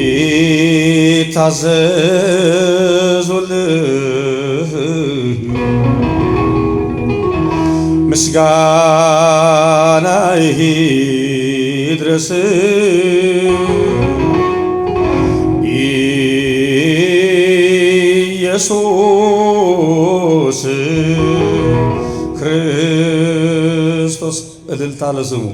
ቢታዘዙልህ ምስጋና ይህ ኢየሱስ ክርስቶስ እልልታ ለስሙ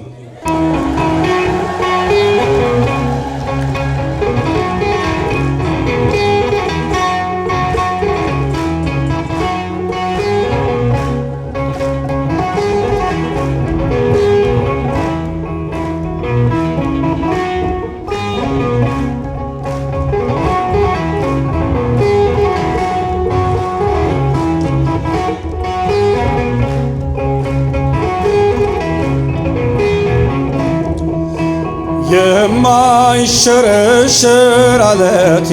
የማይሸረሸር አለቴ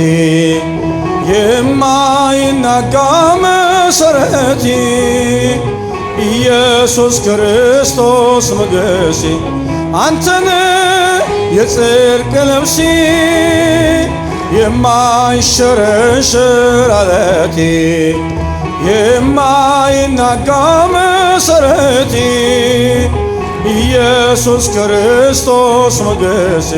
የማይናጋ መሰረቴ ኢየሱስ ክርስቶስ ሞገሴ አንተን የጽድቅ ልብሴ የማይሸረሸር አለቴ የማይናጋ መሰረቴ ኢየሱስ ክርስቶስ ሞገሴ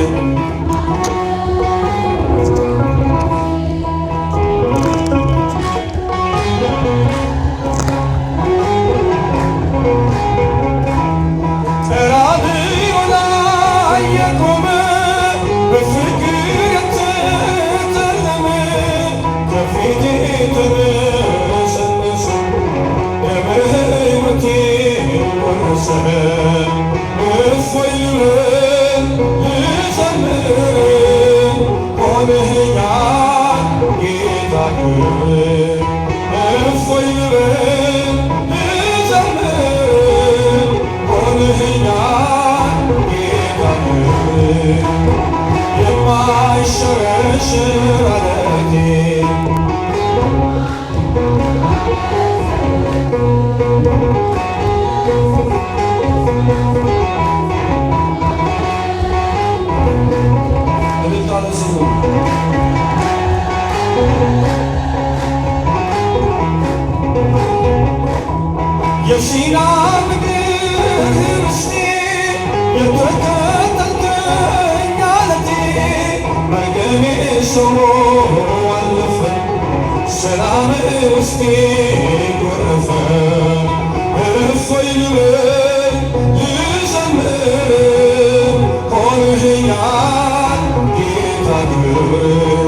ጌታ سموم والفن سلام وسطي غرفة غرفة يلبن يزمن قوله يعاد يتقبل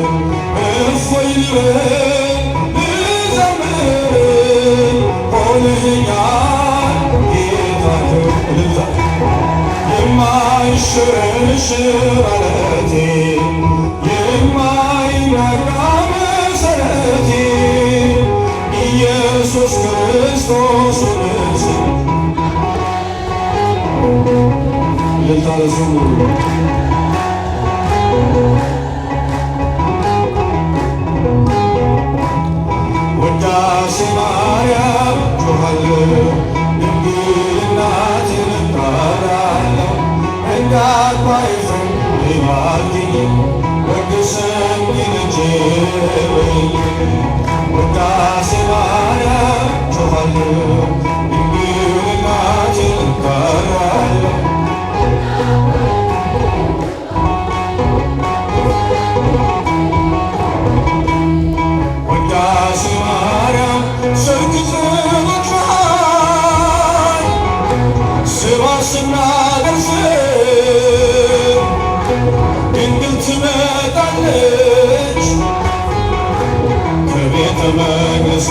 غرفة يلبن يزمن قوله يعاد يتقبل يما يشر الشر على دين ክርስቶስ ውዳሴ ማርያም ጮኻለሁ ጆ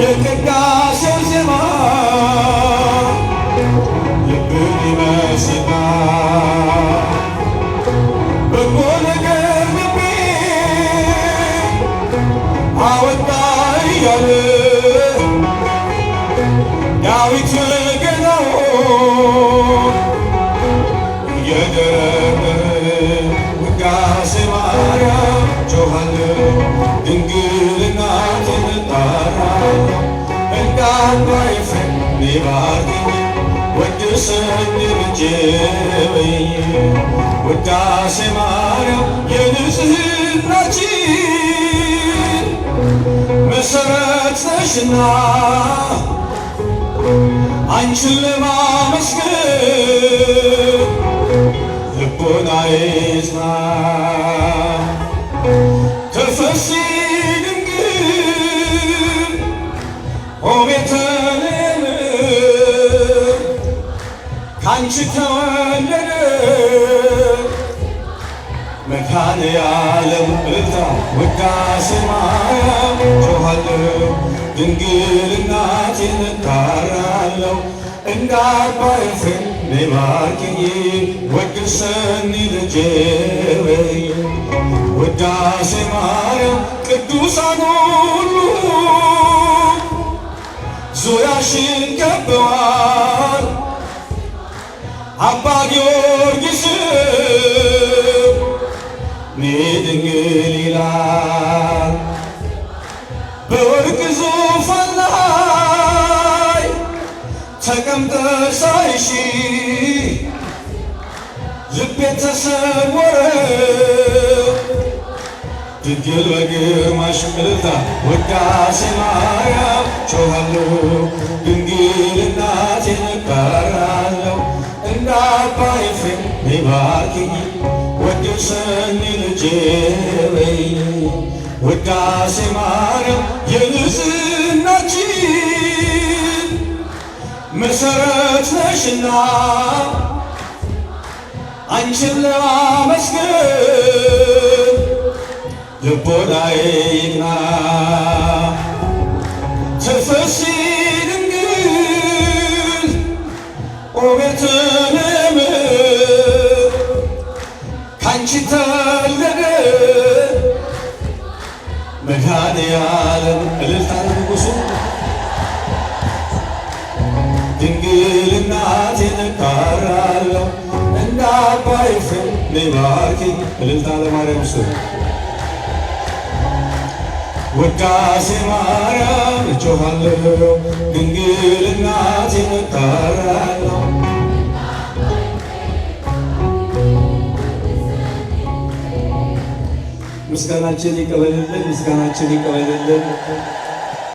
የቅዳሴው ዜማ ልብን ይመስጣል። ነገር አወጣ ዳዊት ገናውን ውዳሴ ማርያም ጮኻለሁ ውዳሴ ማርያም የንጽሕናችን መሰረት ነሽና አንቺን ለማመስገን ልቦናዬ ይጽናል። ከአንቺ ተወለደ መካነ ዓለም እታ ወዳሴ ማርያም ጮኻለሁ ድንግል እናቴን እጠራለሁ እንደ አባ ኤፍሬም ባርኪኝ ወድሰኒ ልጄ በይ ወዳሴ ማርያም ቅዱሳን ሁሉ ዙሪያሽን ከበዋል አባ ጊዮርጊስ ሚድንግል ይላል በወርቅ ዙፋን ላይ ተቀምጠሽ ሳይሽ ልቤ ተሰወረ ድንግል በግርማሽ ምልታ ወዳሴ ማርያም ጮኻለሁ ድንግልና ባርኪኝ ወድሰኝ ልጄ በይኝ ውዳሴ ማርያም የንጽሕናችን መሠረት ነሽና አንቺን ለማመስገን ልቦናዬ ድንግል አንቺ ታለለ መድኃኔ ዓለም እልልታ ንጉሱ ድንግል እናቴ ነካራለሁ እንደ አባይ ፍም እልልታ ለማርያም ስ ወዳሴ ማርያም እጮኻለሁ ድንግል ነካራለሁ ምስጋናችን ይቀበልልን፣ ምስጋናችን ይቀበልልን።